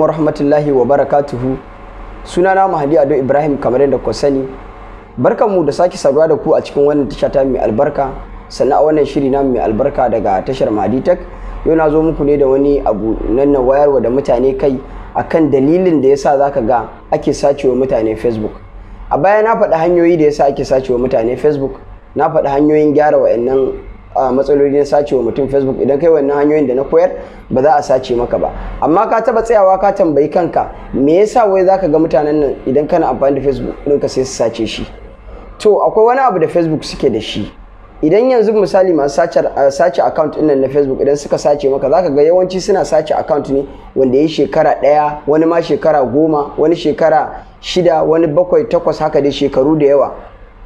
alaikum warahmatullahi wa barakatuhu sunana Mahadi Ado Ibrahim kamar yadda ku sani barkanmu da sake saduwa da ku a cikin wannan tasha ta mai albarka sannan a wannan shiri na mai albarka daga tashar Mahadi Tech yau na zo muku ne da wani abu nan na wayarwa da mutane kai akan dalilin da yasa zaka ga ake sacewa mutane Facebook a baya na faɗi hanyoyi da yasa ake sacewa mutane Facebook na faɗi hanyoyin gyara wayannan a matsalolin sace wa mutum facebook idan kai wannan hanyoyin da na koyar ba za a sace maka ba amma ka taba tsayawa ka tambayi kanka me yasa wai zaka ga mutanen nan idan kana amfani da facebook ka sai su sace shi to akwai wani abu da facebook suke da shi idan yanzu misali masu sace account nan na facebook idan suka sace maka zaka ga yawanci suna sace account ne wanda ya shekara ɗaya wani ma shekara goma wani shekara shida wani bakwai takwas haka dai shekaru da yawa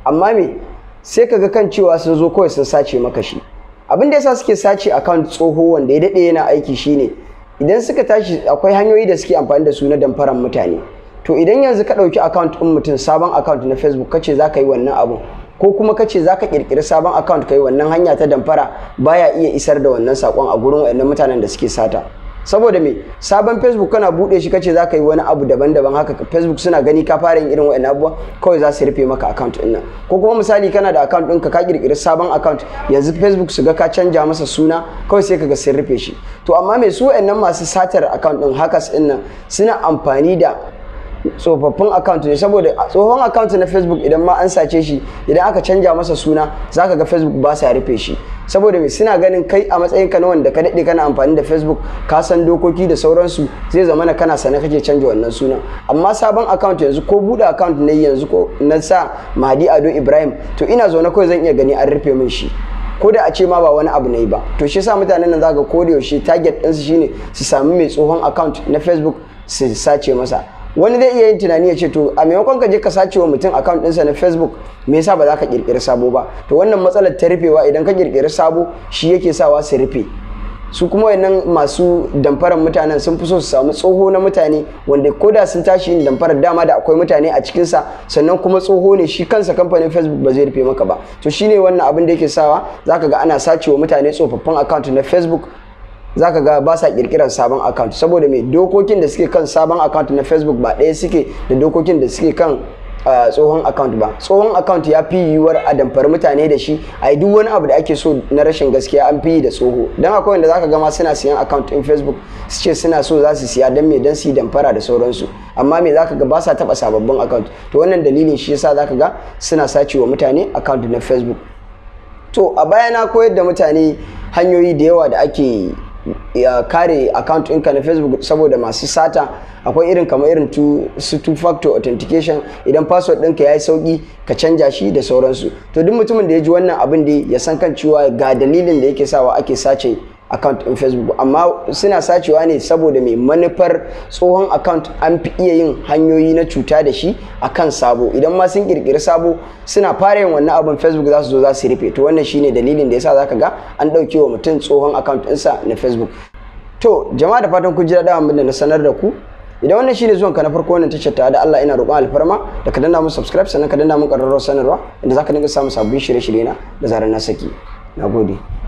amma me sai ka ga kan cewa sun zo kawai sun sace maka shi abin da yasa suke sace account tsoho wanda ya dade yana aiki shine idan suka tashi akwai hanyoyi da suke amfani da su na damfaran mutane to idan yanzu ka ɗauki account din mutum sabon account na facebook kace za yi wannan abun ko kuma kace za ka ƙirƙiri sabon account ka yi wannan hanya ta damfara baya iya isar da wannan saƙon a gurin wayannan mutanen da suke sata saboda me sabon facebook kana bude shi kace zaka yi wani abu daban-daban haka facebook suna gani ka fara yin irin wa'annan abubuwa kawai za su rufe maka account din nan ko kuma misali kana da account ɗinka ka kirkiri sabon account yanzu facebook su ga ka canja masa suna kawai sai kaga sun rufe shi to amma me su wa'annan masu satar account din hackers din nan suna amfani da tsofaffin account ne saboda tsohon account na facebook idan ma an sace shi idan aka canja masa suna zaka ga facebook ba sa rufe shi saboda me suna ganin kai a matsayin ka na wanda ka daɗe kana amfani da facebook ka san dokoki da sauransu zai zama na kana sane kake canja wannan sunan amma sabon account yanzu ko buɗe account ne yanzu ko na sa mahdi ado ibrahim to ina zaune kawai zan iya gani an rufe min shi ko da a ce ma ba wani abu ne ba to shi sa mutanen nan zaka ko da yaushe target ɗinsu shine su sami mai tsohon account na facebook su sace masa wani zai iya yin tunani ya ce to a maimakon ka je ka sace wa mutum account ɗinsa na facebook me yasa ba za ka kirkiri sabo ba to wannan matsalar ta rufewa idan ka kirkiri sabo shi yake sawa su rufe su kuma wayannan masu damfarar mutanen sun fi so su samu tsoho na mutane wanda ko da sun tashi yin damfarar dama da akwai mutane a cikin sa sannan kuma tsoho ne shi kansa kamfanin facebook ba zai rufe maka ba to shine wannan abin da yake sawa zaka ga ana sacewa mutane tsofaffin account na facebook zaka ga ba sa kirkirar sabon account saboda mai dokokin da suke kan sabon account na facebook ba ɗaya suke da dokokin da suke kan ah, tsohon account ba tsohon account ya fi yiwuwar a damfari mutane da shi a yi duk wani abu da ake so na rashin gaskiya an fi yi da tsoho don akwai wanda za ka gama suna siyan account in facebook su ce suna so za su siya don mai don su yi damfara da sauransu amma me zaka ga ba sa taba sababbin account to wannan dalilin shi yasa ka ga suna sace wa mutane account na facebook to a baya na koyar da mutane hanyoyi da yawa da ake ya kare account ɗinka na facebook saboda masu sata akwai irin kamar irin su two factor authentication idan password ɗinka ya yi sauƙi ka canja shi da sauransu to duk mutumin da ya ji wannan abin da ya san kan cewa ga dalilin da yake sawa ake sace account in facebook amma suna sacewa ne saboda mai manufar tsohon account an fi iya yin hanyoyi na cuta da shi a kan sabo idan ma sun kirkiri sabo suna fara yin wannan abin facebook za su zo za su rufe to wannan shine dalilin da yasa zaka ga an ɗauke wa mutum tsohon account ɗinsa na facebook to jama'a da fatan kun ji daɗa abin da na sanar da ku idan wannan shine zuwan ka na farko wannan tashar ta da Allah ina roƙon alfarma da ka danna mun subscribe sannan ka danna mun ƙararrawar sanarwa inda zaka dinga samun sabbin shirye-shirye na da zarar na saki nagode